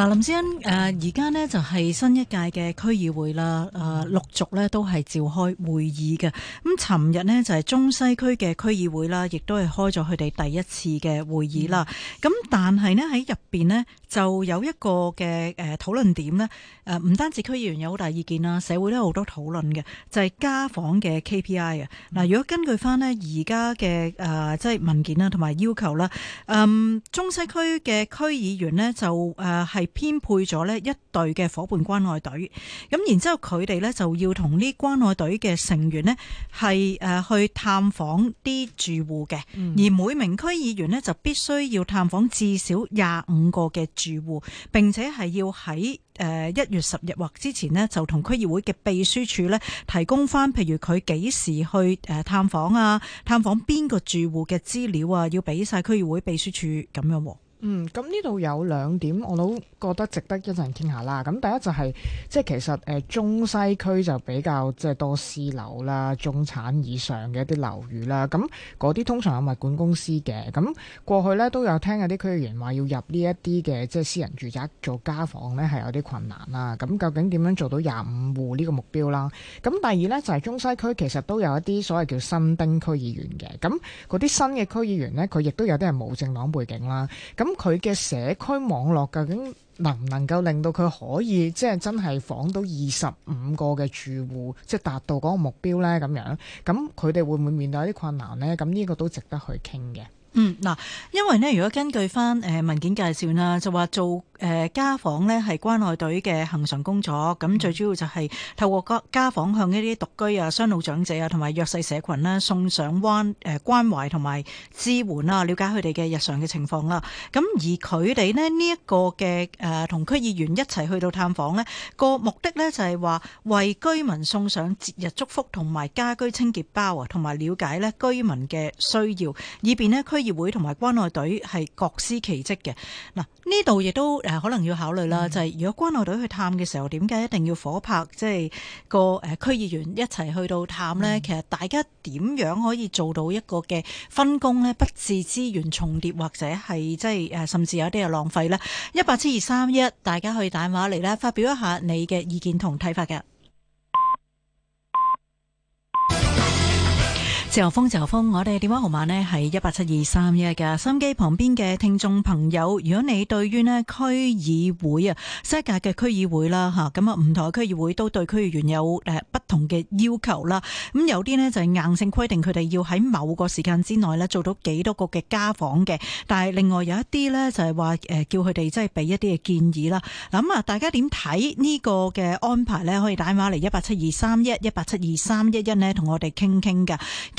嗱，林思恩，誒而家咧就係新一屆嘅區議會啦，誒陸續咧都係召開會議嘅。咁尋日咧就係中西區嘅區議會啦，亦都係開咗佢哋第一次嘅會議啦。咁但係咧喺入邊咧就有一個嘅誒討論點咧，誒唔單止區議員有好大意見啦，社會都有好多討論嘅，就係家訪嘅 KPI 啊。嗱，如果根據翻咧而家嘅誒即係文件啦同埋要求啦，誒中西區嘅區議員咧就誒係。編配咗呢一隊嘅伙伴關愛隊，咁然之後佢哋呢就要同呢關愛隊嘅成員呢係誒去探訪啲住戶嘅，嗯，而每名區議員呢，就必須要探訪至少廿五個嘅住戶，並且係要喺誒一月十日或之前呢，就同區議會嘅秘書處呢提供返譬如佢幾時去誒探訪啊，探訪邊個住戶嘅資料啊，要俾晒區議會秘書處咁樣。嗯，咁呢度有兩點，我都覺得值得一陣傾下啦。咁第一就係、是，即係其實、呃、中西區就比較即係多私樓啦、中產以上嘅一啲樓宇啦。咁嗰啲通常有物管公司嘅。咁過去咧都有聽有啲區議員話要入呢一啲嘅即係私人住宅做家訪咧，係有啲困難啦。咁究竟點樣做到廿五戶呢個目標啦？咁第二咧就係、是、中西區其實都有一啲所謂叫新丁區議員嘅。咁嗰啲新嘅區議員咧，佢亦都有啲係冇政黨背景啦。咁咁佢嘅社區網絡究竟能唔能夠令到佢可以即係真係訪到二十五個嘅住戶，即係達到嗰個目標呢？咁樣咁佢哋會唔會面對一啲困難呢？咁呢個都值得去傾嘅。嗯，嗱，因為呢，如果根據翻誒文件介紹啦，就話做。誒、呃、家訪呢係關愛隊嘅恆常工作，咁最主要就係透過家家訪向一啲獨居啊、雙老長者啊同埋弱勢社群咧、啊、送上關誒關懷同埋支援啦、啊，了解佢哋嘅日常嘅情況啦、啊。咁而佢哋呢一、這個嘅誒同區議員一齊去到探訪呢個目的呢，就係、是、話為居民送上節日祝福同埋家居清潔包啊，同埋了解呢居民嘅需要，以便呢區議會同埋關愛隊係各司其職嘅。嗱，呢度亦都。誒可能要考慮啦，就係如果關愛隊去探嘅時候，點解一定要火拍即係個誒區議員一齊去到探呢？其實大家點樣可以做到一個嘅分工呢？不致資源重疊，或者係即係甚至有啲係浪費呢？一八七二三一，大家可以打電話嚟啦，發表一下你嘅意見同睇法嘅。自由風，自由風，我哋電話號碼咧係一八七二三一嘅，收音機旁邊嘅聽眾朋友，如果你對於咧區議會啊，新界嘅區議會啦，吓咁啊唔同嘅區議會都對區議員有誒不同嘅要求啦。咁有啲呢就係硬性規定佢哋要喺某個時間之內呢做到幾多個嘅家訪嘅。但係另外有一啲呢就係話誒叫佢哋即係俾一啲嘅建議啦。咁啊，大家點睇呢個嘅安排呢？可以打電話嚟一八七二三一，一八七二三一，一八七二三一一呢，同我哋傾傾㗎。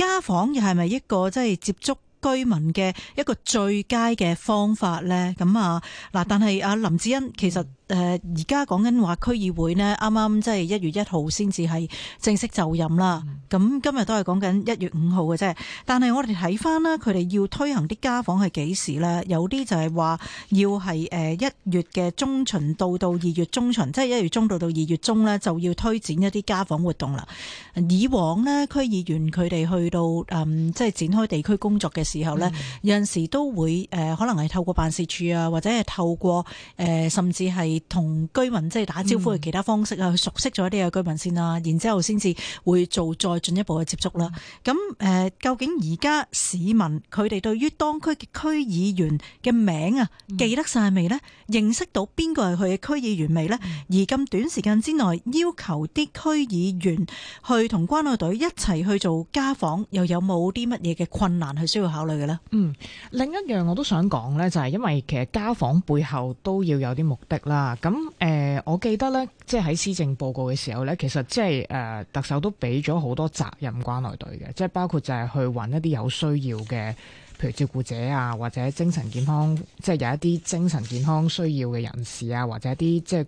家訪又係咪一個即係接觸？居民嘅一個最佳嘅方法咧，咁啊嗱，但係阿林志茵，其實誒而家講緊話區議會咧，啱啱即係一月一號先至係正式就任啦。咁、嗯、今日都係講緊一月五號嘅啫。但係我哋睇翻咧，佢哋要推行啲家訪係幾時咧？有啲就係話要係誒一月嘅中旬到到二月中旬，即係一月中到到二月中咧就要推展一啲家訪活動啦。以往咧區議員佢哋去到誒即係展開地區工作嘅。時候咧，有陣時都會誒、呃、可能係，透過辦事處啊，或者係透過誒、呃、甚至係同居民即係打招呼嘅其他方式啊，去、嗯、熟悉咗一啲嘅居民先啦，然之後先至會做再進一步嘅接觸啦。咁、嗯、誒、呃、究竟而家市民佢哋對於當區嘅區議員嘅名啊、嗯，記得晒未咧？認識到邊個係佢嘅區議員未咧、嗯？而咁短時間之內要求啲區議員去同關愛隊一齊去做家訪又有冇啲乜嘢嘅困難去需要？考慮嘅咧，嗯，另一樣我都想講咧，就係因為其實家訪背後都要有啲目的啦。咁誒、呃，我記得咧，即係喺施政報告嘅時候咧，其實即係誒，特首都俾咗好多責任關來隊嘅，即係包括就係去揾一啲有需要嘅，譬如照顧者啊，或者精神健康，即係有一啲精神健康需要嘅人士啊，或者一啲即係。就是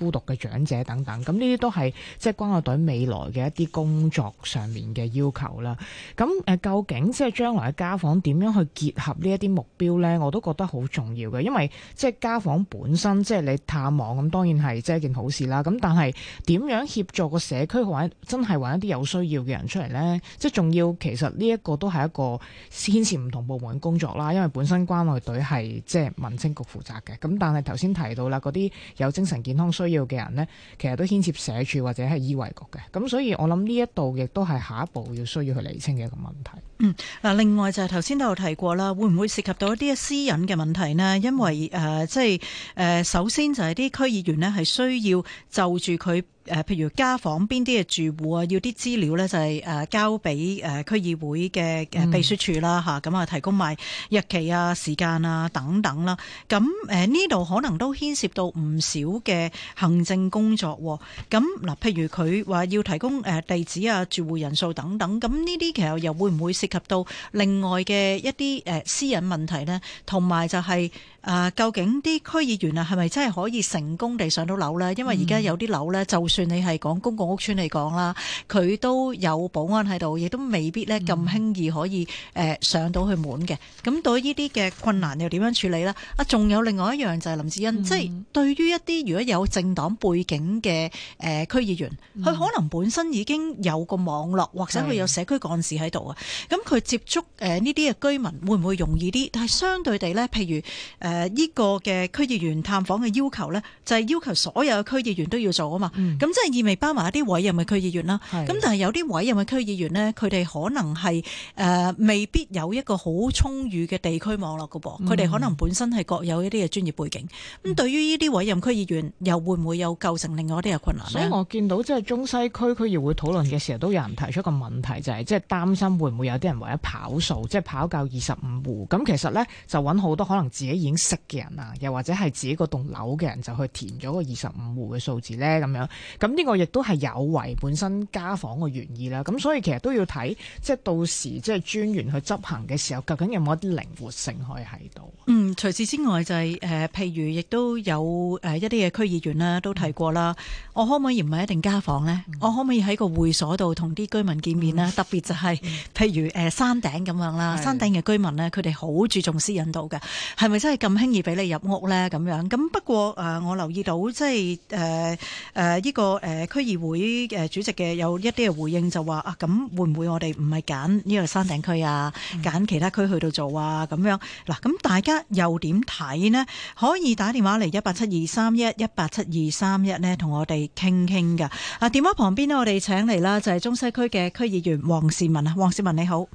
孤獨嘅長者等等，咁呢啲都係即係關愛隊未來嘅一啲工作上面嘅要求啦。咁誒，究竟即係將來嘅家訪點樣去結合呢一啲目標呢，我都覺得好重要嘅，因為即係家訪本身，即係你探望，咁當然係即係一件好事啦。咁但係點樣協助個社區或真係搵一啲有需要嘅人出嚟呢？即係仲要，其實呢一個都係一個牽涉唔同部門工作啦。因為本身關愛隊係即係民政局負責嘅。咁但係頭先提到啦，嗰啲有精神健康需要要嘅人咧，其實都牽涉社署或者係醫衛局嘅，咁所以我諗呢一度亦都係下一步要需要去釐清嘅一個問題。嗯，嗱，另外就係頭先都有提過啦，會唔會涉及到一啲私隱嘅問題呢？因為誒、呃，即係、呃、首先就係啲區議員呢係需要就住佢，譬如家訪邊啲嘅住戶啊，要啲資料呢就係交俾誒區議會嘅誒秘書處啦，咁、嗯、啊，提供埋日期啊、時間啊等等啦。咁呢度可能都牽涉到唔少嘅行政工作喎、啊。咁嗱，譬如佢話要提供地址啊、住戶人數等等，咁呢啲其實又會唔會涉及到另外嘅一啲誒私隱問題咧，同埋就係、是。啊，究竟啲區議員啊，係咪真係可以成功地上到樓呢？因為而家有啲樓呢、嗯，就算你係講公共屋邨嚟講啦，佢都有保安喺度，亦都未必呢咁輕易可以誒、嗯啊、上到去門嘅。咁對呢啲嘅困難又點樣處理呢？啊，仲有另外一樣就係林志恩，即、嗯、係、就係、對於一啲如果有政黨背景嘅誒、啊、區議員，佢、嗯、可能本身已經有個網絡，或者佢有社區幹事喺度、okay. 啊。咁佢接觸呢啲嘅居民會唔會容易啲？但係相對地呢，譬如、啊誒、呃、依、這個嘅區議員探訪嘅要求呢，就係、是、要求所有區議員都要做啊嘛。咁、嗯、即係意味包埋一啲委任嘅區議員啦。咁但係有啲委任嘅區議員呢，佢哋可能係誒、呃、未必有一個好充裕嘅地區網絡噶噃。佢、嗯、哋可能本身係各有一啲嘅專業背景。咁、嗯、對於呢啲委任區議員，又會唔會有構成另外一啲嘅困難呢？所以我見到即係中西區區議會討論嘅時候，都有人提出個問題，就係即係擔心會唔會有啲人為咗跑數，即、就、係、是、跑夠二十五戶。咁其實呢，就揾好多可能自己已經識嘅人啊，又或者係自己嗰棟樓嘅人就去填咗個二十五戶嘅數字呢。咁樣，咁呢個亦都係有違本身家訪嘅原意啦。咁所以其實都要睇，即係到時即係專員去執行嘅時候，究竟有冇一啲靈活性可以喺度？嗯，除此之外就係、是、誒、呃，譬如亦都有誒、呃、一啲嘅區議員啦，都提過啦。我可唔可以唔係一定家訪呢？嗯、我可唔可以喺個會所度同啲居民見面咧、嗯？特別就係、是、譬如誒山頂咁樣啦，山頂嘅居民呢，佢哋好注重私隱度嘅，係咪真係咁？咁輕易俾你入屋呢？咁樣，咁不過誒、呃，我留意到即係誒誒依個誒、呃、區議會嘅主席嘅有一啲嘅回應就說，就話啊，咁會唔會我哋唔係揀呢個山頂區啊，揀，嗯、其他區去到做啊咁樣嗱，咁大家又點睇呢？可以打電話嚟一八七二三一一八七二三一，呢同我哋傾傾㗎。啊，電話旁邊呢，我哋請嚟啦，就係，是、中西區嘅區議員王倩雯啊，王倩雯你好。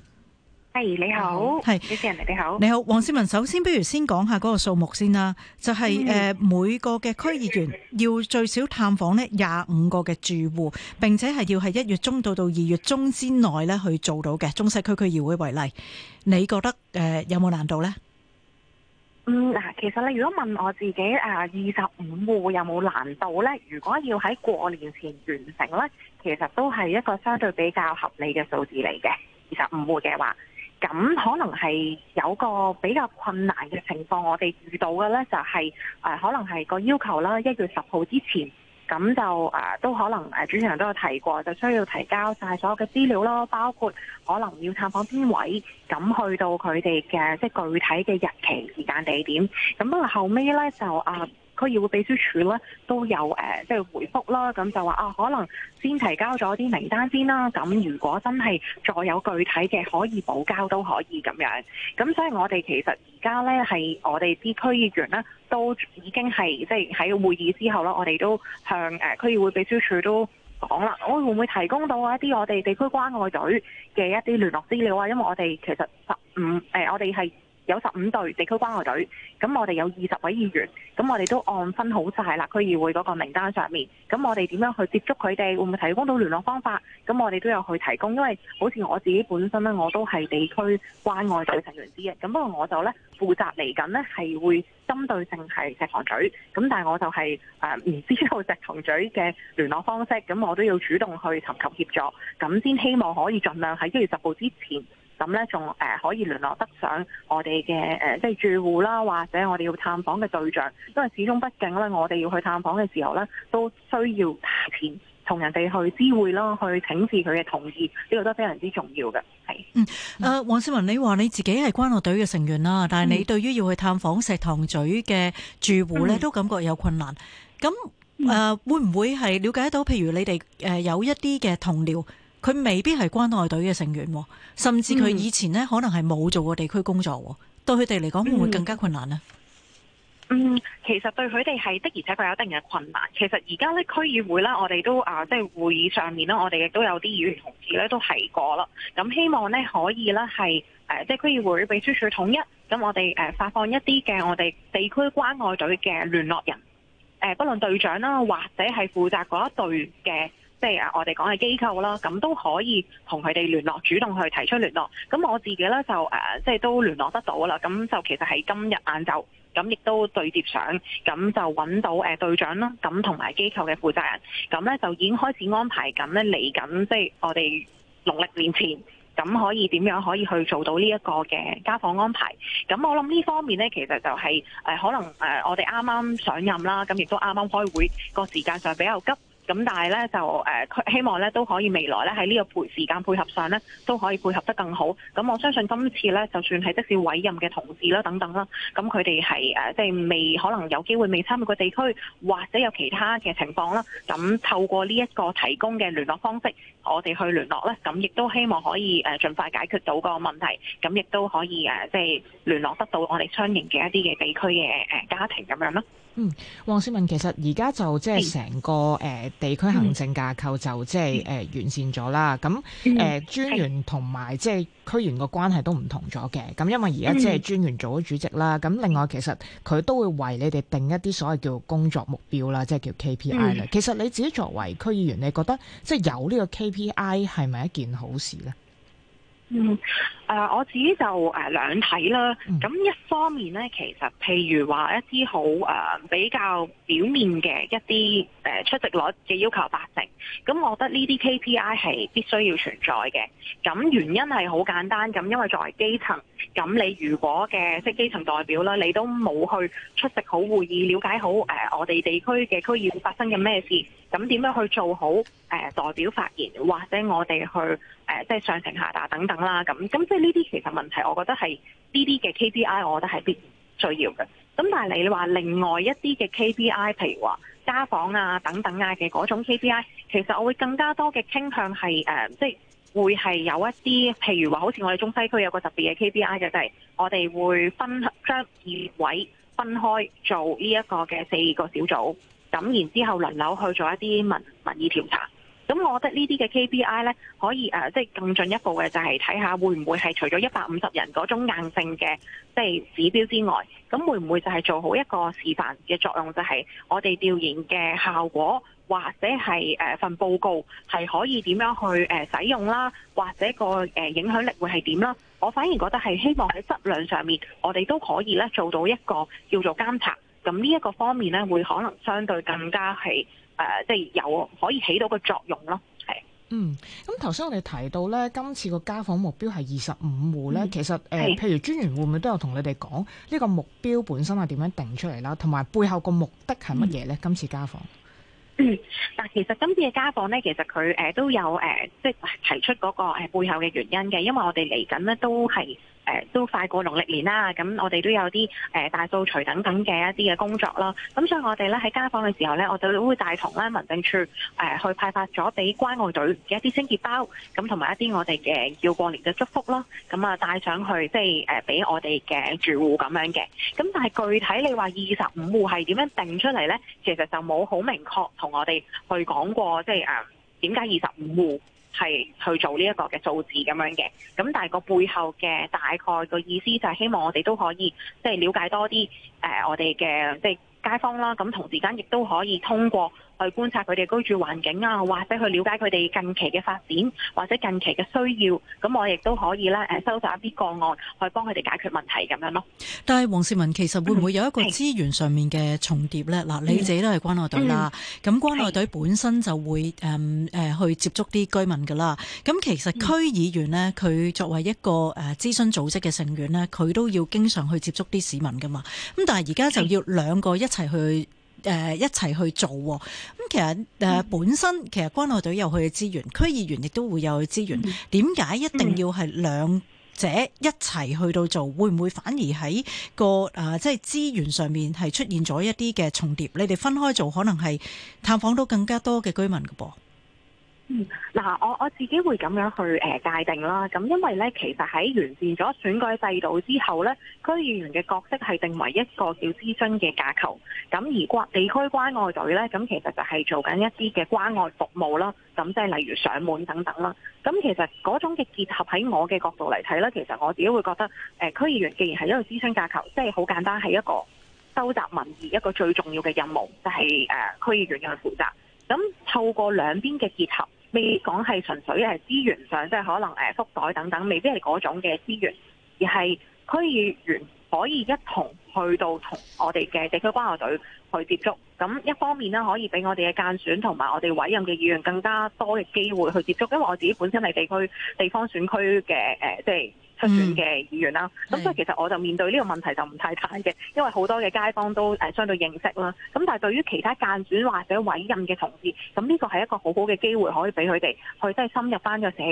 係你好，主持人你好，你好，王倩雯。首先，不如先講下嗰個數目先啦。就係誒，每個嘅區議員要最少探訪呢廿五個嘅住戶，並且係要係一月中到到二月中之內呢去做到嘅。中西區區議會為例，你覺得誒有冇難度呢？嗯，嗱，其實你如果問我自己誒，二十五戶有冇難度呢？如果要喺過年前完成呢，其實都係一個相對比較合理嘅數字嚟嘅，二十五戶嘅話。咁可能係有個比較困難嘅情況，我哋遇到嘅呢就係、誒呃、可能係個要求啦，一月十號之前，咁就、呃、都可能誒、啊，主持人都有提過，就需要提交晒所有嘅資料咯，包括可能要探訪邊位，咁去到佢哋嘅即係具體嘅日期、時間、地點，咁不過後尾呢，就啊。呃區議會秘書處咧都有誒，即係回覆啦，咁就話啊，可能先提交咗啲名單先啦，咁如果真係再有具體嘅可以補交都可以咁樣。咁所以我哋其實而家咧係我哋啲區議員咧都已經係即係喺會議之後啦，我哋都向誒區議會秘書處都講啦，我會唔會提供到一啲我哋地區關愛隊嘅一啲聯絡資料啊？因為我哋其實十五誒，我哋係。有十五隊地區關愛隊，咁我哋有二十位議員，咁我哋都按分好晒啦。區議會嗰個名單上面，咁我哋點樣去接觸佢哋，會唔會提供到聯絡方法？咁我哋都有去提供，因為好似我自己本身咧，我都係地區關愛隊成員之一，咁不過我就呢負責嚟緊呢，係會針對性係石塘咀，咁但係我就係誒唔知道石塘咀嘅聯絡方式，咁我都要主動去尋求協助，咁先希望可以盡量喺一月十號之前。咁咧，仲可以聯絡得上我哋嘅即係住戶啦，或者我哋要探訪嘅對象，因為始終畢竟咧，我哋要去探訪嘅時候咧，都需要提前同人哋去知會啦，去請示佢嘅同意，呢個都非常之重要嘅、嗯啊。王嗯，倩雯，你話你自己係關愛隊嘅成員啦，但係你對於要去探訪石塘咀嘅住戶咧、嗯，都感覺有困難。咁誒、啊，會唔會係了解到，譬如你哋有一啲嘅同僚？佢未必係關愛隊嘅成員，甚至佢以前呢可能係冇做過地區工作，嗯、對佢哋嚟講會唔會更加困難呢？嗯，其實對佢哋係的，而且確有一定嘅困難。其實而家呢區議會啦，我哋都啊，即係會議上面啦，我哋亦都有啲議員同事呢都提過啦。咁希望呢可以呢係誒，即、呃、係區議會秘書處統一咁，我哋誒、呃、發放一啲嘅我哋地區關愛隊嘅聯絡人、呃，不論隊長啦，或者係負責嗰一隊嘅。即係啊，我哋講嘅機構啦，咁都可以同佢哋聯絡，主動去提出聯絡。咁我自己咧就誒，即係都聯絡得到啦。咁就其實係今日晏晝，咁亦都對接上，咁就揾到誒隊長啦，咁同埋機構嘅負責人，咁咧就已經開始安排緊咧嚟緊，即係我哋農曆年前，咁可以點樣可以去做到呢一個嘅家訪安排。咁我諗呢方面咧，其實就係可能誒我哋啱啱上任啦，咁亦都啱啱開會，個時間上比較急。咁但係咧就希望咧都可以未來咧喺呢個配時間配合上咧都可以配合得更好。咁我相信今次咧，就算係即使委任嘅同事啦等等啦，咁佢哋係即係未可能有機會未參與過地區，或者有其他嘅情況啦。咁透過呢一個提供嘅聯絡方式，我哋去聯絡咧，咁亦都希望可以誒盡快解決到個問題，咁亦都可以誒即係聯絡得到我哋相應嘅一啲嘅地區嘅家庭咁樣啦。嗯，王倩雯，其實而家就即係成個誒、呃、地區行政架構就即係誒完善咗啦。咁誒專員同埋即係區員個關係都唔同咗嘅。咁因為而家即係專員做咗主席啦。咁另外其實佢都會為你哋定一啲所謂叫工作目標啦，即係叫 KPI 啦、嗯。其實你自己作為區議員，你覺得即係有呢個 KPI 係咪一件好事咧？嗯、呃，我自己就誒兩睇啦。咁、呃、一方面咧，其實譬如話一啲好誒比較表面嘅一啲誒、呃、出席率嘅要求八成，咁我覺得呢啲 KPI 係必須要存在嘅。咁原因係好簡單，咁因為作為基層。咁你如果嘅即係基層代表啦，你都冇去出席好會議了解好誒、呃、我哋地區嘅區議會發生嘅咩事，咁點樣去做好誒、呃、代表發言，或者我哋去誒、呃、即係上情下達等等啦，咁咁即係呢啲其實問題我覺得係呢啲嘅 KPI，我覺得係必需要嘅。咁但係你話另外一啲嘅 KPI，譬如話家訪啊等等啊嘅嗰種 KPI，其實我會更加多嘅傾向係誒、呃、即係。會係有一啲，譬如話，好似我哋中西區有個特別嘅 KPI 嘅，就係我哋會分將議員分開做呢一個嘅四個小組，咁然之後輪流去做一啲民民意調查。咁我覺得呢啲嘅 KPI 呢，可以即係、呃就是、更進一步嘅就係睇下會唔會係除咗一百五十人嗰種硬性嘅即係指標之外，咁會唔會就係做好一個示範嘅作用，就係我哋調研嘅效果。或者係誒份報告係可以點樣去誒使用啦，或者個誒影響力會係點啦？我反而覺得係希望喺質量上面，我哋都可以咧做到一個叫做監察。咁呢一個方面咧，會可能相對更加係誒，即係有可以起到個作用咯。係嗯，咁頭先我哋提到咧，今次個家訪目標係二十五戶咧。其實誒，譬如專員會唔會都有同你哋講呢個目標本身係點樣定出嚟啦，同埋背後個目的係乜嘢咧？今次家訪。嗱，其實今次嘅家訪咧，其實佢誒都有誒，即係提出嗰個誒背後嘅原因嘅，因為我哋嚟緊咧都係。誒都快過農曆年啦，咁我哋都有啲大掃除等等嘅一啲嘅工作囉。咁所以我呢，我哋咧喺家訪嘅時候咧，我哋都會帶同咧民政處去派發咗俾關愛隊嘅一啲清潔包，咁同埋一啲我哋嘅要過年嘅祝福咯。咁啊，帶上去即係畀俾我哋嘅住戶咁樣嘅。咁但係具體你話二十五戶係點樣定出嚟咧？其實就冇好明確同我哋去講過，即係點解二十五戶。係去做呢一個嘅數字咁樣嘅，咁但係個背後嘅大概嘅意思就係希望我哋都可以即係、就是、了解多啲誒、呃、我哋嘅即係街坊啦，咁同時間亦都可以通過，去觀察佢哋居住環境啊，或者去了解佢哋近期嘅發展，或者近期嘅需要，咁我亦都可以咧，誒收集一啲個案去幫佢哋解決問題咁樣咯。但係黃兆文其實會唔會有一個資源上面嘅重疊咧？嗱、嗯，你自己都係關愛隊啦，咁關愛隊本身就會誒誒、嗯、去接觸啲居民噶啦。咁其實區議員呢，佢作為一個誒諮詢組織嘅成員呢，佢都要經常去接觸啲市民噶嘛。咁但係而家就要兩個一齊去。誒、呃、一齊去做、哦，咁其實誒、呃、本身其實關愛隊有佢嘅資源，區議員亦都會有佢資源。點解一定要係兩者一齊去到做？會唔會反而喺、個誒、呃、即係資源上面係出現咗一啲嘅重疊？你哋分開做，可能係探訪到更加多嘅居民㗎噃。嗯，嗱，我我自己會咁樣去誒界定啦。咁因為咧，其實喺完善咗選舉制度之後咧，區議員嘅角色係定為一個叫諮詢嘅架構。咁而關地區關愛隊咧，咁其實就係做緊一啲嘅關愛服務啦。咁即係例如上門等等啦。咁其實嗰種嘅結合喺我嘅角度嚟睇咧，其實我自己會覺得誒區議員既然係一個諮詢架構，即係好簡單係一個收集民意一個最重要嘅任務，就係、是、誒區議員要去負責。咁透過兩邊嘅結合，未講係純粹係資源上，即係可能誒覆蓋等等，未必係嗰種嘅資源，而係區議員可以一同去到同我哋嘅地區關愛隊去接觸。咁一方面呢，可以俾我哋嘅間選同埋我哋委任嘅議員更加多嘅機會去接觸。因為我自己本身係地區地方選區嘅誒，即係。出選嘅議員啦，咁、嗯、所以其實我就面對呢個問題就唔太大嘅，因為好多嘅街坊都誒相對認識啦。咁但係對於其他間選或者委任嘅同事，咁呢個係一個好好嘅機會，可以俾佢哋去即係深入返個社區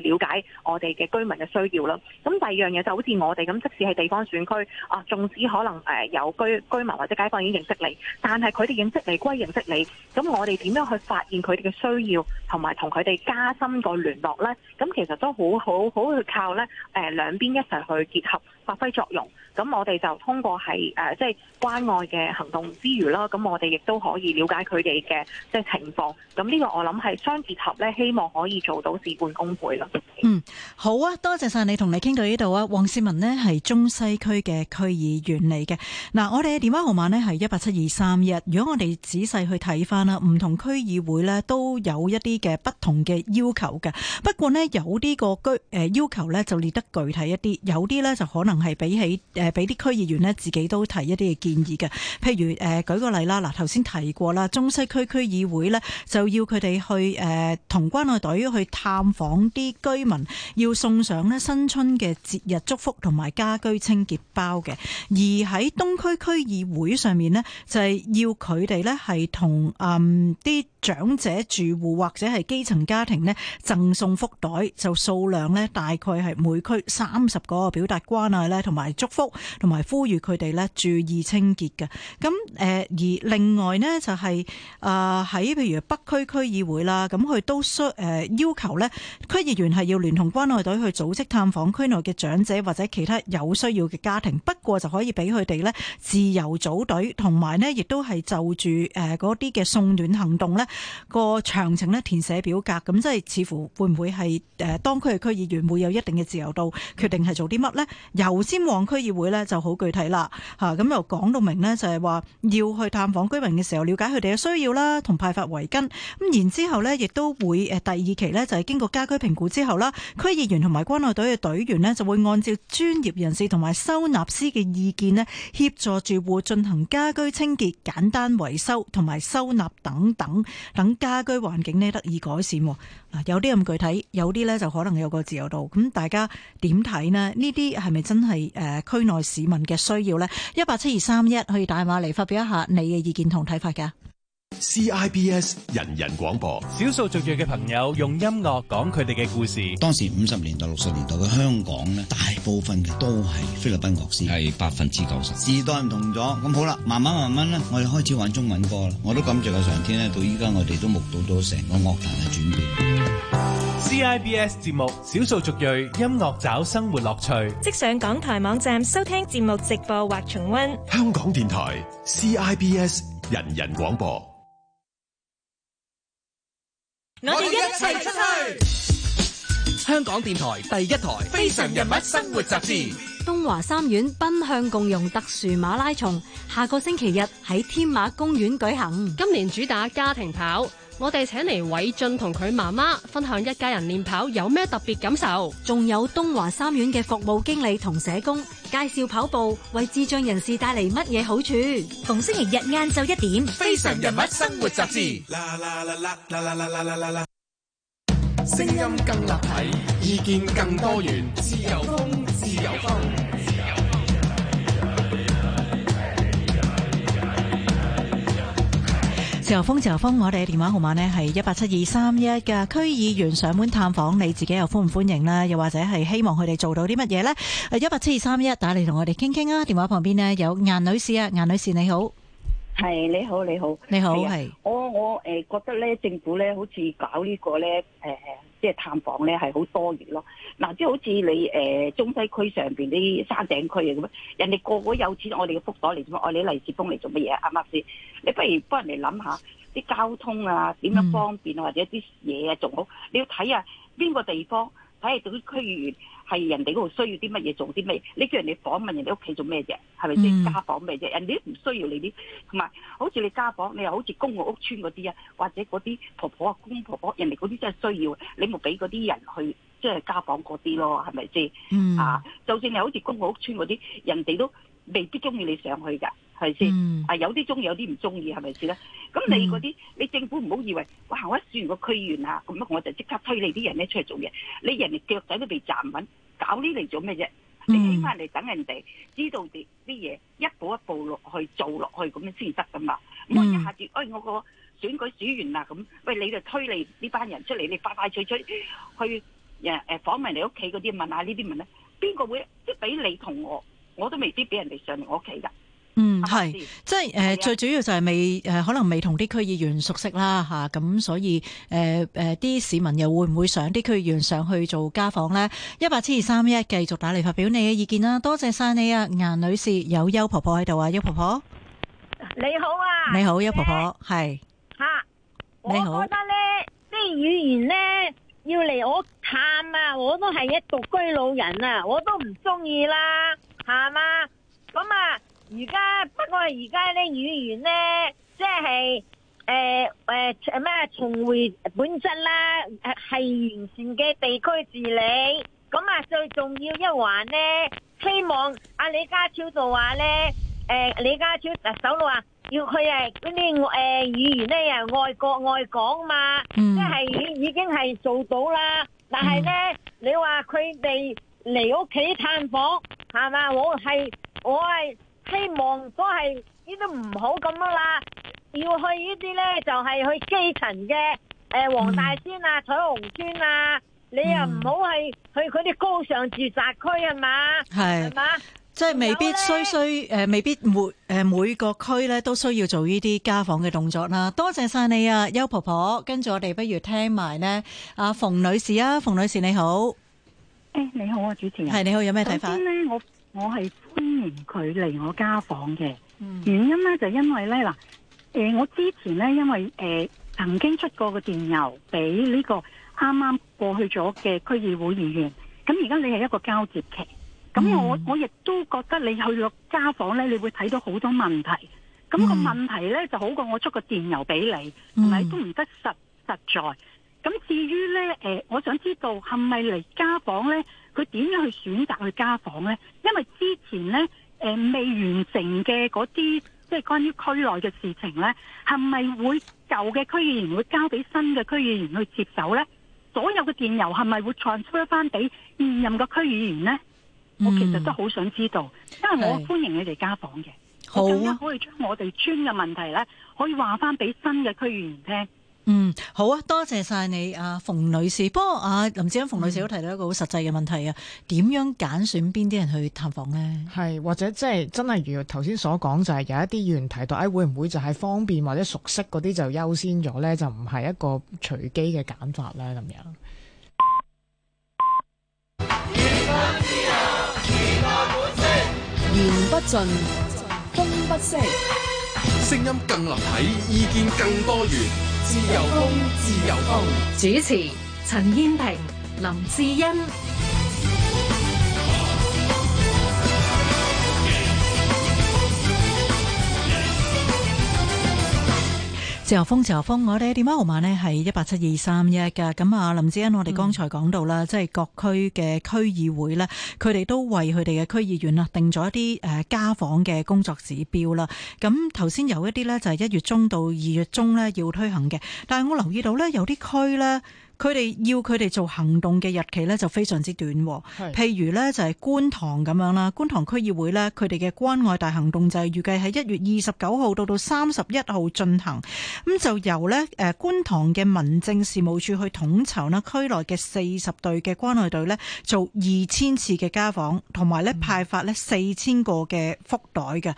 去了解我哋嘅居民嘅需要囉。咁第二樣嘢就好似我哋咁，即使係地方選區，啊，縱使可能誒有居居民或者街坊已經認識你，但係佢哋認識你，歸認識你，咁我哋點樣去發現佢哋嘅需要，同埋同佢哋加深個聯絡呢？咁其實都好好好去靠呢。誒、呃。兩邊一齊去結合。發揮作用，咁我哋就通過係誒，即、呃、係、就是、關愛嘅行動之餘啦，咁我哋亦都可以了解佢哋嘅即係情況。咁呢個我諗係雙結合咧，希望可以做到事半功倍啦。嗯，好啊，多謝晒你同你傾到呢度啊，王倩雯呢係中西區嘅區議員嚟嘅。嗱、啊，我哋嘅電話號碼呢係一八七二三一。如果我哋仔細去睇翻啦，唔同區議會呢都有一啲嘅不同嘅要求嘅。不過呢，有啲個居誒要求呢就列得具體一啲，有啲呢就可能。係比起誒，俾啲區議員咧自己都提一啲嘅建議嘅，譬如誒，舉個例啦，嗱，頭先提過啦，中西區區議會咧就要佢哋去誒同、呃、關愛隊去探訪啲居民，要送上咧新春嘅節日祝福同埋家居清潔包嘅，而喺東區區議會上面咧就係要佢哋咧係同誒啲長者住戶或者係基層家庭咧贈送福袋，就數量咧大概係每區三十個表達關愛。咧，同埋祝福，同埋呼籲佢哋咧注意清潔嘅。咁誒，而另外咧就係誒喺譬如北區區議會啦，咁佢都需誒要求咧區議員係要聯同關愛隊去組織探訪區內嘅長者或者其他有需要嘅家庭。不過就可以俾佢哋咧自由組隊，同埋咧亦都係就住誒嗰啲嘅送暖行動咧個詳情咧填寫表格。咁即係似乎會唔會係誒當區嘅區議員會有一定嘅自由度決定係做啲乜咧？又油尖旺區議會呢就好具體啦吓，咁又講到明呢，就係話要去探訪居民嘅時候，了解佢哋嘅需要啦，同派發圍巾。咁然之後呢，亦都會誒第二期呢，就係經過家居評估之後啦，區議員同埋關愛隊嘅隊員呢，就會按照專業人士同埋收納師嘅意見呢，協助住戶進行家居清潔、簡單維修同埋收納等等等家居環境呢得以改善。嗱，有啲咁具體，有啲呢就可能有個自由度。咁大家點睇呢？呢啲係咪真？真係誒，區內市民嘅需要咧，一八七二三一可以打電話嚟，發表一下你嘅意見同睇法㗎。CIBS 人人廣播，少數族裔嘅朋友用音樂講佢哋嘅故事。當時五十年代、六十年代嘅香港咧，大部分嘅都係菲律賓樂師，係百分之九十。時代唔同咗，咁好啦，慢慢慢慢咧，我哋開始玩中文歌啦。我都感謝個上天咧，到依家我哋都目睹到成個樂壇嘅轉變。CIBS 節目，少數族裔音樂找生活樂趣，即上港台網站收聽節目直播或重溫。香港電台 CIBS 人人廣播。我哋一齊出去！香港電台第一台《非常人物生活雜誌》東華三院奔向共融特殊馬拉松，下個星期日喺天馬公園舉行。今年主打家庭跑。我哋請嚟偉俊同佢媽媽分享一家人練跑有咩特別感受，仲有東華三院嘅服務經理同社工介紹跑步為智障人士帶嚟乜嘢好處。逢星期日晏晝一點，《非常人物生活雜誌》。自由風，自由風，我哋嘅電話號碼呢係一八七二三一。嘅區議員上門探訪，你自己又歡唔歡迎啦？又或者係希望佢哋做到啲乜嘢呢？一八七二三一打嚟同我哋傾傾啊！電話旁邊呢，有顏女士啊，顏女士你好。係你好，你好，你好、啊、我我誒、呃、覺得咧，政府咧好似搞呢、這個咧誒，即、呃、係、就是、探訪咧係好多餘咯。嗱、呃，即好似你誒、呃、中西區上面啲山頂區啊咁樣，人哋個個有錢，我哋嘅福袋嚟做乜？我哋啲利是封嚟做乜嘢啊？啱啱先？你不如幫人哋諗下啲交通啊，點樣方便啊、嗯，或者啲嘢啊仲好。你要睇下邊個地方，睇下對區議員。係人哋嗰度需要啲乜嘢做啲咩？你叫人哋訪問人哋屋企做咩啫？係咪先家訪咩啫？人哋都唔需要你啲。同埋，好似你家訪，你又好似公屋屋村嗰啲啊，或者嗰啲婆婆啊、公公婆婆，人哋嗰啲真係需要，你冇俾嗰啲人去即係、就是、家訪嗰啲咯，係咪先？啊、嗯，就算你好似公屋屋村嗰啲，人哋都未必中意你上去㗎。係先啊？有啲中意，有啲唔中意，係咪先咧？咁你嗰啲、嗯，你政府唔好以為哇！我選個區員啦，咁啊我就即刻推你啲人咧出嚟做嘢。你人哋腳仔都未站穩，搞呢嚟做咩啫？你起翻嚟等人哋知道啲啲嘢，一步一步落去做落去咁樣先得噶嘛！咁我一下子，嗯、哎，我個選舉選完啦，咁喂，你就推你呢班人出嚟，你快快脆脆去誒誒訪問你屋企嗰啲，問下呢啲問咧，邊個會即俾你同我，我都未必俾人哋上嚟我屋企噶。嗯，係、嗯、即係誒、啊，最主要就係未誒，可能未同啲區議員熟悉啦吓，咁、啊、所以誒誒，啲、啊啊、市民又會唔會上啲區議員上去做家訪咧？一八七二三一繼續打嚟發表你嘅意見啦，多謝晒你啊，顏女士，有休婆婆喺度啊，休婆婆你好啊，你好，休婆婆係吓、啊，我覺得咧啲議員咧要嚟我探啊，我都係一獨居老人啊，我都唔中意啦，係嘛咁啊。而家不過而家咧，語言咧即係誒誒咩重回本質啦，係、呃、完善嘅地區治理。咁啊，最重要一環咧，希望阿、啊、李家超就話咧，誒、呃、李家超就走路話、啊，要佢係嗰啲誒語言咧，又係愛國愛港嘛，mm. 即係已已經係做到啦。但係咧，mm. 你話佢哋嚟屋企探訪，係嘛？我係我係。希望都係呢都唔好咁啦，要去呢啲咧，就係去基層嘅誒，黃大仙啊、彩虹村啊，你又唔好係去嗰啲高尚住宅區啊嘛，係，係嘛，即係未必需需誒，未必每誒每個區咧都需要做呢啲家訪嘅動作啦。多謝晒你啊，邱婆婆。跟住我哋不如聽埋咧，阿馮女士啊，馮女士你好。誒，你好啊，主持人。係你好，有咩睇法？首先咧，我我係。佢嚟我家訪嘅、嗯、原因咧，就是、因為咧嗱，誒，我之前咧因為誒、呃、曾經出過電郵給這個電郵俾呢個啱啱過去咗嘅區議會議員，咁而家你係一個交接期，咁我、嗯、我亦都覺得你去咗家訪咧，你會睇到好多問題，咁、個問題咧、嗯、就好過我出個電郵俾你，同、嗯、埋都唔得實實在。咁至於呢、呃，我想知道係咪嚟家訪呢？佢點樣去選擇去家訪呢？因為之前呢，呃、未完成嘅嗰啲，即係關於區內嘅事情呢，係咪會舊嘅區議員會交俾新嘅區議員去接手呢？所有嘅電郵係咪會 transfer 翻俾現任嘅區議員呢？嗯、我其實都好想知道，因為我歡迎你哋家訪嘅，我點樣可以將我哋村嘅問題呢，可以話翻俾新嘅區議員聽？嗯，好啊，多謝晒你啊，馮女士。不過啊，林志欣，馮女士都提到一個好實際嘅問題啊，點、嗯、樣揀選邊啲人去探訪呢？係或者即係真係如頭先所講，就係、是、有一啲議員提到，誒、哎，會唔會就係方便或者熟悉嗰啲就優先咗呢？就唔係一個隨機嘅揀法呢？咁樣。原不聲音更立體，意見更多元。自由風，自由風。主持：陳燕萍、林志欣。自由風，自由風，我哋電話號碼呢係一八七二三一㗎。咁啊，林志恩，我哋剛才講到啦，即、嗯、係各區嘅區議會呢佢哋都為佢哋嘅區議員啊定咗一啲誒家訪嘅工作指標啦。咁頭先有一啲呢，就係一月中到二月中呢要推行嘅，但係我留意到呢，有啲區呢。佢哋要佢哋做行動嘅日期呢，就非常之短啊。譬如呢，就係觀塘咁樣啦，觀塘區議會呢，佢哋嘅關愛大行動就係預計喺一月二十九號到到三十一號進行。咁就由呢誒觀塘嘅民政事務處去統籌呢區內嘅四十隊嘅關愛隊呢做二千次嘅家訪，同埋咧派發呢四千個嘅福袋嘅。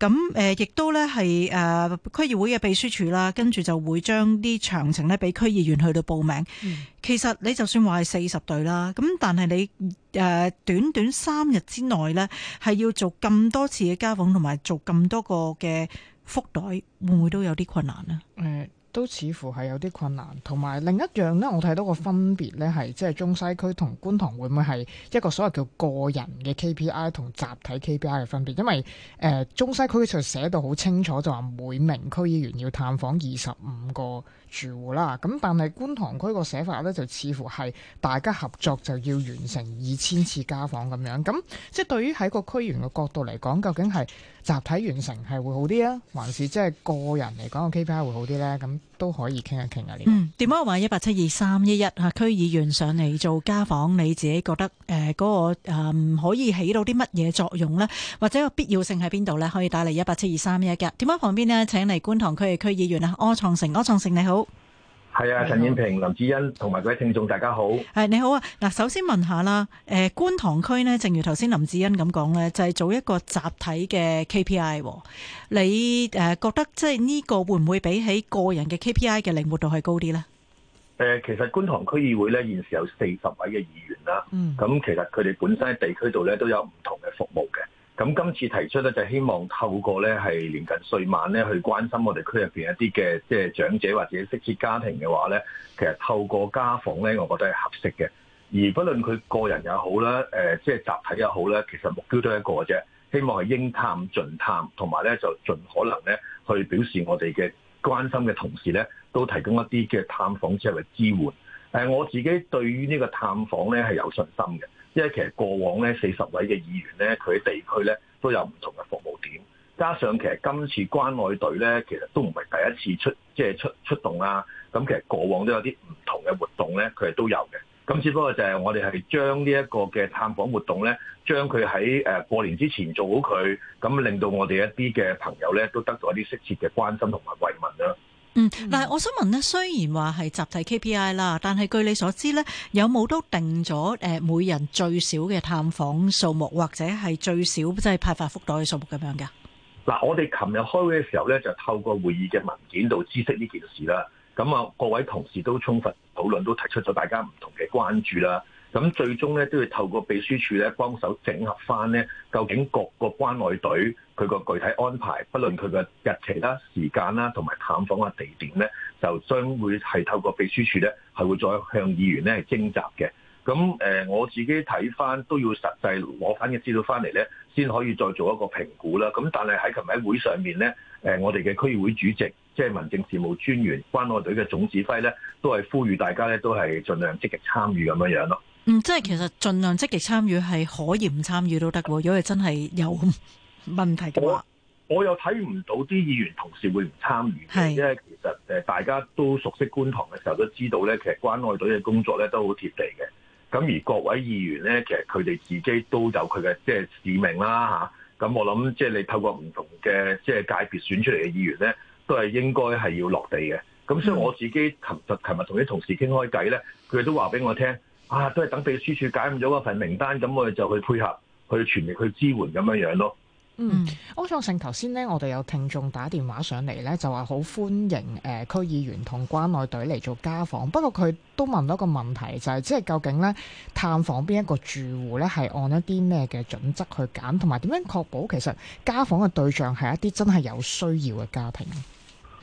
咁誒，亦都咧係誒區議會嘅秘書處啦，跟住就會將啲詳情咧俾區議員去到報名。嗯。其實你就算話係四十隊啦，咁但係你誒短短三日之內咧，係要做咁多次嘅家訪，同埋做咁多個嘅福袋，會唔會都有啲困難咧？誒。都似乎係有啲困難，同埋另一樣呢，我睇到個分別呢，係即係中西區同觀塘會唔會係一個所謂叫個人嘅 KPI 同集體 KPI 嘅分別？因為，呃，中西區就寫到好清楚，就話每名區議員要探訪二十五個住戶啦。咁但係觀塘區個寫法呢，就似乎係大家合作就要完成二千次家訪咁樣。咁即係對於喺個區議員嘅角度嚟講，究竟係？集體完成係會好啲啊，還是即係個人嚟講個 KPI 會好啲呢？咁都可以傾一傾啊。嗯，點解話一八七二三一一吓區議員上嚟做家訪？你自己覺得誒嗰、呃那個誒、嗯、可以起到啲乜嘢作用呢？或者個必要性喺邊度呢？可以打嚟一八七二三一一嘅。點解旁邊呢？請嚟觀塘區嘅區議員啊？柯創盛，柯創盛你好。係啊，陳燕平、林志欣同埋各位聽眾，大家好。係你好啊，嗱，首先問下啦，誒，觀塘區咧，正如頭先林志欣咁講咧，就係做一個集體嘅 KPI，你誒覺得即係呢個會唔會比起個人嘅 KPI 嘅靈活度係高啲咧？誒，其實觀塘區議會咧，現時有四十位嘅議員啦，咁其實佢哋本身喺地區度咧都有唔同嘅服務嘅。咁今次提出咧，就是、希望透過咧係年近歲晚咧，去關心我哋區入面一啲嘅即係長者或者息氏家庭嘅話咧，其實透過家訪咧，我覺得係合適嘅。而不論佢個人又好啦，即、呃、係、就是、集體又好咧，其實目標都係一個啫，希望係應探盡探，同埋咧就盡可能咧去表示我哋嘅關心嘅同時咧，都提供一啲嘅探訪之類支援、呃。我自己對於呢個探訪咧係有信心嘅。因為其實過往咧四十位嘅議員咧，佢喺地區咧都有唔同嘅服務點，加上其實今次關愛隊咧，其實都唔係第一次出即係出出動啊。咁其實過往都有啲唔同嘅活動咧，佢哋都有嘅。咁只不過就係我哋係將呢一個嘅探訪活動咧，將佢喺誒過年之前做好佢，咁令到我哋一啲嘅朋友咧都得到一啲適切嘅關心同埋慰問啦。嗯，嗱，我想問咧，雖然話係集體 KPI 啦，但係據你所知咧，有冇都定咗誒，每人最少嘅探訪數目，或者係最少即係派發福袋嘅數目咁樣嘅？嗱、嗯，我哋琴日開會嘅時候咧，就透過會議嘅文件度知悉呢件事啦。咁啊，各位同事都充分討論，都提出咗大家唔同嘅關注啦。咁最終咧都要透過秘書處咧幫手整合翻咧，究竟各個關愛隊佢個具體安排，不論佢個日期啦、時間啦，同埋探訪嘅地點咧，就將會係透過秘書處咧，係會再向議員咧徵集嘅。咁誒，我自己睇翻都要實際攞翻嘅資料翻嚟咧，先可以再做一個評估啦。咁但係喺琴日喺會上面咧，誒我哋嘅區議會主席即係民政事務專員關愛隊嘅總指揮咧，都係呼籲大家咧都係盡量積極參與咁樣樣咯。嗯，即係其實盡量積極參與係可以唔參與都得嘅，如果係真係有問題嘅話，我，我又睇唔到啲議員同事會唔參與。係因為其實誒，大家都熟悉觀塘嘅時候都知道咧，其實關愛隊嘅工作咧都好貼地嘅。咁而各位議員咧，其實佢哋自己都有佢嘅即係使命啦、啊、吓。咁、啊、我諗即係你透過唔同嘅即係界別選出嚟嘅議員咧，都係應該係要落地嘅。咁所以我自己琴日琴日同啲同事傾開偈咧，佢哋都話俾我聽。啊！都係等秘書處解唔咗嗰份名單，咁我哋就去配合，去全力去支援咁樣樣咯。嗯，柯創盛，頭先呢，我哋有聽眾打電話上嚟呢，就話好歡迎誒區議員同關愛隊嚟做家訪。不過佢都問到一個問題，就係即係究竟呢探訪邊一個住戶呢，係按一啲咩嘅準則去揀，同埋點樣確保其實家訪嘅對象係一啲真係有需要嘅家庭？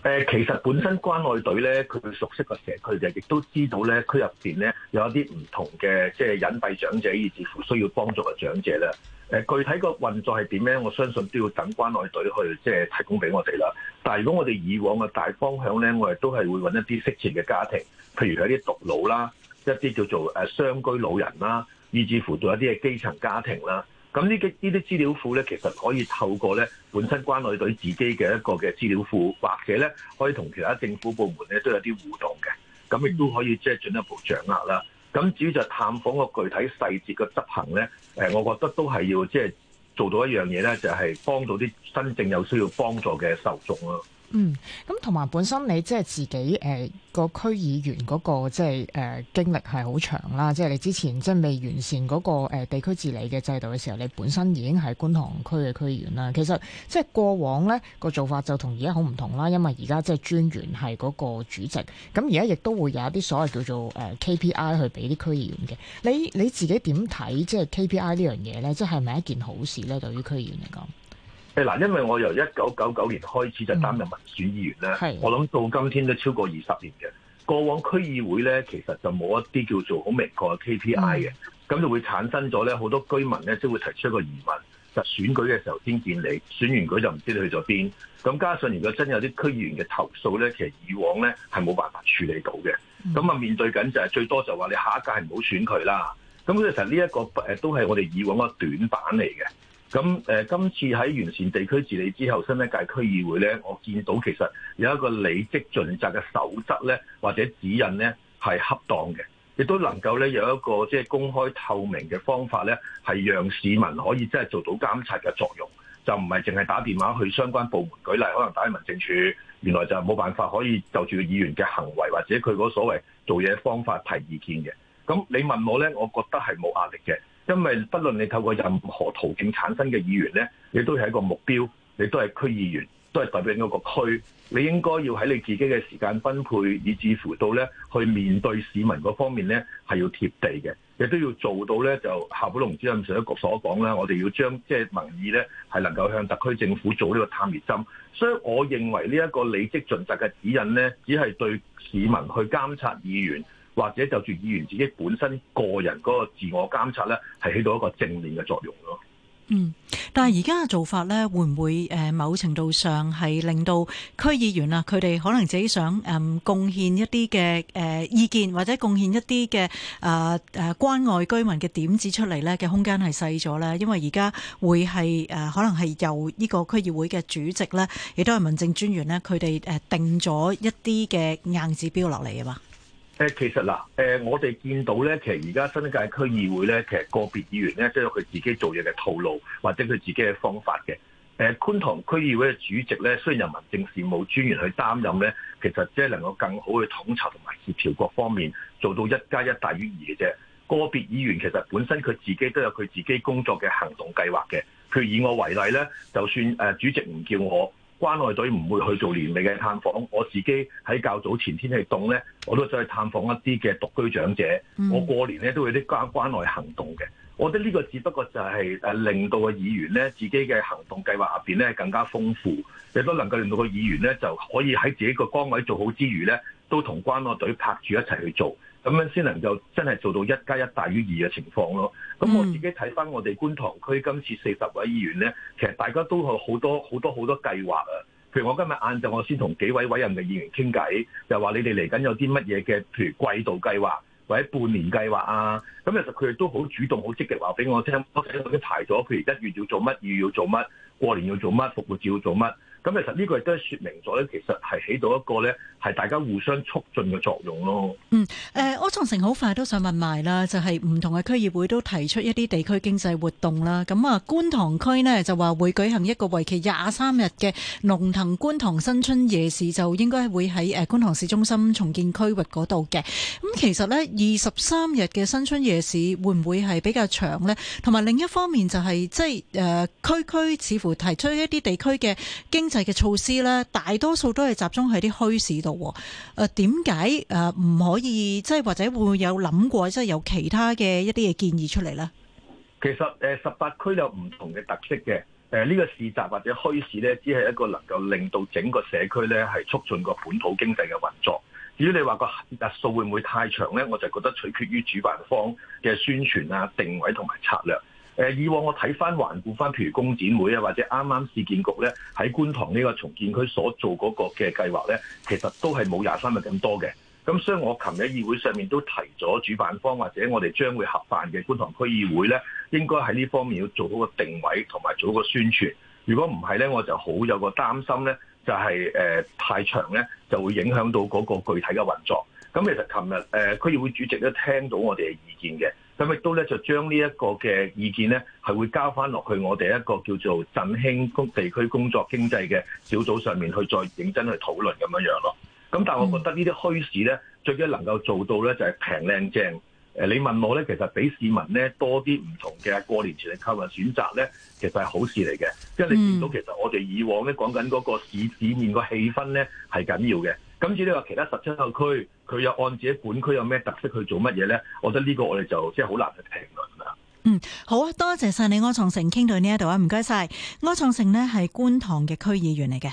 誒，其實本身關愛隊咧，佢熟悉個社區嘅，亦都知道咧，佢入邊咧有一啲唔同嘅，即係隱蔽長者，以至乎需要幫助嘅長者咧。誒、呃，具體個運作係點樣呢，我相信都要等關愛隊去即係提供俾我哋啦。但係如果我哋以往嘅大方向咧，我哋都係會揾一啲適切嘅家庭，譬如係啲獨老啦，一啲叫做誒雙居老人啦，以至乎到一啲嘅基層家庭啦。咁呢啲呢啲資料庫咧，其實可以透過咧本身關愛隊自己嘅一個嘅資料庫，或者咧可以同其他政府部門咧都有啲互動嘅，咁亦都可以即係進一步掌握啦。咁至於就探訪個具體細節嘅執行咧，誒，我覺得都係要即係做到一樣嘢咧，就係幫到啲真正有需要幫助嘅受眾咯。嗯，咁同埋本身你即係自己誒個區議員嗰個即係誒經歷係好長啦，即係你之前即係未完善嗰個誒地區治理嘅制度嘅時候，你本身已經係觀塘區嘅區議員啦。其實即係過往呢個做法就同而家好唔同啦，因為而家即係專員係嗰個主席，咁而家亦都會有一啲所謂叫做誒 KPI 去俾啲區議員嘅。你你自己點睇即係 KPI 呢樣嘢呢？即係咪一件好事呢？對於區議員嚟講？嗱，因為我由一九九九年開始就擔任民選議員咧、嗯，我諗到今天都超過二十年嘅。過往區議會咧，其實就冇一啲叫做好明確嘅 KPI 嘅，咁、嗯、就會產生咗咧好多居民咧，即會提出一個疑問，就選舉嘅時候先見你，選完佢就唔知你去咗邊。咁加上如果真有啲區議員嘅投訴咧，其實以往咧係冇辦法處理到嘅。咁啊面對緊就係、是、最多就話你下一屆係唔好選佢啦。咁其實呢一個誒都係我哋以往個短板嚟嘅。咁誒，今次喺完善地區治理之後，新一屆區議會咧，我見到其實有一個履職盡責嘅守則咧，或者指引咧，係恰當嘅，亦都能夠咧有一個即係公開透明嘅方法咧，係讓市民可以真係做到監察嘅作用，就唔係淨係打電話去相關部門。舉例可能打去民政處，原來就係冇辦法可以就住個議員嘅行為或者佢嗰所謂做嘢方法提意見嘅。咁你問我咧，我覺得係冇壓力嘅。因為不論你透過任何途徑產生嘅議員咧，你都係一個目標，你都係區議員，都係代表嗰個區。你應該要喺你自己嘅時間分配，以至乎到咧，去面對市民嗰方面咧，係要貼地嘅，亦都要做到咧。就夏寶龍主任上一局所講啦，我哋要將即係民意咧，係能夠向特區政府做呢個探熱針。所以，我認為呢一個履職盡責嘅指引咧，只係對市民去監察議員。或者就住議員自己本身個人嗰個自我監察咧，係起到一個正面嘅作用咯。嗯，但係而家嘅做法咧，會唔會誒某程度上係令到區議員啊，佢哋可能自己想誒貢獻一啲嘅誒意見或者貢獻一啲嘅誒誒關愛居民嘅點子出嚟咧嘅空間係細咗咧，因為而家會係誒、呃，可能係由呢個區議會嘅主席咧，亦都係民政專員咧，佢哋誒定咗一啲嘅硬指標落嚟啊嘛。其實嗱、呃，我哋見到咧，其實而家新界區議會咧，其實個別議員咧，即係有佢自己做嘢嘅套路，或者佢自己嘅方法嘅。誒、呃、觀塘區議會嘅主席咧，雖然由民政事務專員去擔任咧，其實即係能夠更好去統籌同埋協調各方面，做到一加一大於二嘅啫。個別議員其實本身佢自己都有佢自己工作嘅行動計劃嘅。譬如以我為例咧，就算主席唔叫我。關愛隊唔會去做年尾嘅探訪，我自己喺較早前天氣凍咧，我都想去探訪一啲嘅獨居長者。我過年咧都有啲關關愛行動嘅，我覺得呢個只不過就係誒令到個議員咧自己嘅行動計劃入邊咧更加豐富，亦都能夠令到個議員咧就可以喺自己個崗位做好之餘咧，都同關愛隊拍住一齊去做。咁樣先能夠真係做到一加一大於二嘅情況咯。咁我自己睇翻我哋觀塘區今次四十位議員咧，其實大家都有好多好多好多計劃啊。譬如我今日晏晝，我先同幾位委任嘅議員傾偈，就話你哋嚟緊有啲乜嘢嘅，譬如季度計劃或者半年計劃啊。咁其實佢哋都好主動、好積極話俾我聽，我睇排咗，譬如一月要做乜，二月要做乜，過年要做乜，復活節要做乜。咁其實呢個亦都說明咗，其實係起到一個呢，係大家互相促進嘅作用咯。嗯，誒、呃，柯創盛好快都想問埋啦，就係、是、唔同嘅區議會都提出一啲地區經濟活動啦。咁啊，觀塘區呢，就話會舉行一個為期廿三日嘅龍騰觀塘新春夜市，就應該會喺誒、啊、觀塘市中心重建區域嗰度嘅。咁、啊、其實呢，二十三日嘅新春夜市會唔會係比較長呢？同埋另一方面就係、是、即係誒、呃，區區似乎提出一啲地區嘅經濟。嘅措施咧，大多數都係集中喺啲墟市度。誒點解誒唔可以即係或者會，會有諗過即係有其他嘅一啲嘅建議出嚟呢？其實誒十八區有唔同嘅特色嘅誒，呢、呢個市集或者墟市咧，只係一個能夠令到整個社區咧係促進個本土經濟嘅運作。至於你話個日數會唔會太長咧，我就覺得取決於主辦方嘅宣傳啊、定位同埋策略。誒以往我睇翻、環顧翻，譬如工展會啊，或者啱啱市建局咧喺觀塘呢個重建區所做嗰個嘅計劃咧，其實都係冇廿三日咁多嘅。咁所以我琴日議會上面都提咗主辦方或者我哋將會合辦嘅觀塘區議會咧，應該喺呢方面要做好個定位同埋做好個宣傳。如果唔係咧，我就好有個擔心咧，就係誒太長咧就會影響到嗰個具體嘅運作。咁其實琴日誒區議會主席都聽到我哋嘅意見嘅。咁亦都咧就將呢一個嘅意見咧，係會交翻落去我哋一個叫做振興工地區工作經濟嘅小組上面去再認真去討論咁樣樣咯。咁但係我覺得呢啲墟市咧，最緊係能夠做到咧就係平靚正。誒，你問我咧，其實俾市民咧多啲唔同嘅過年前嘅購物選擇咧，其實係好事嚟嘅，因為你見到其實我哋以往咧講緊嗰個市市面個氣氛咧係緊要嘅。咁至於你話其他十七個區，佢又按自己本區有咩特色去做乜嘢咧？我覺得呢個我哋就即係好難去評論啦。嗯，好、啊、多謝晒你，柯創盛傾到呢一度啊，唔該晒。柯創盛呢係觀塘嘅區議員嚟嘅。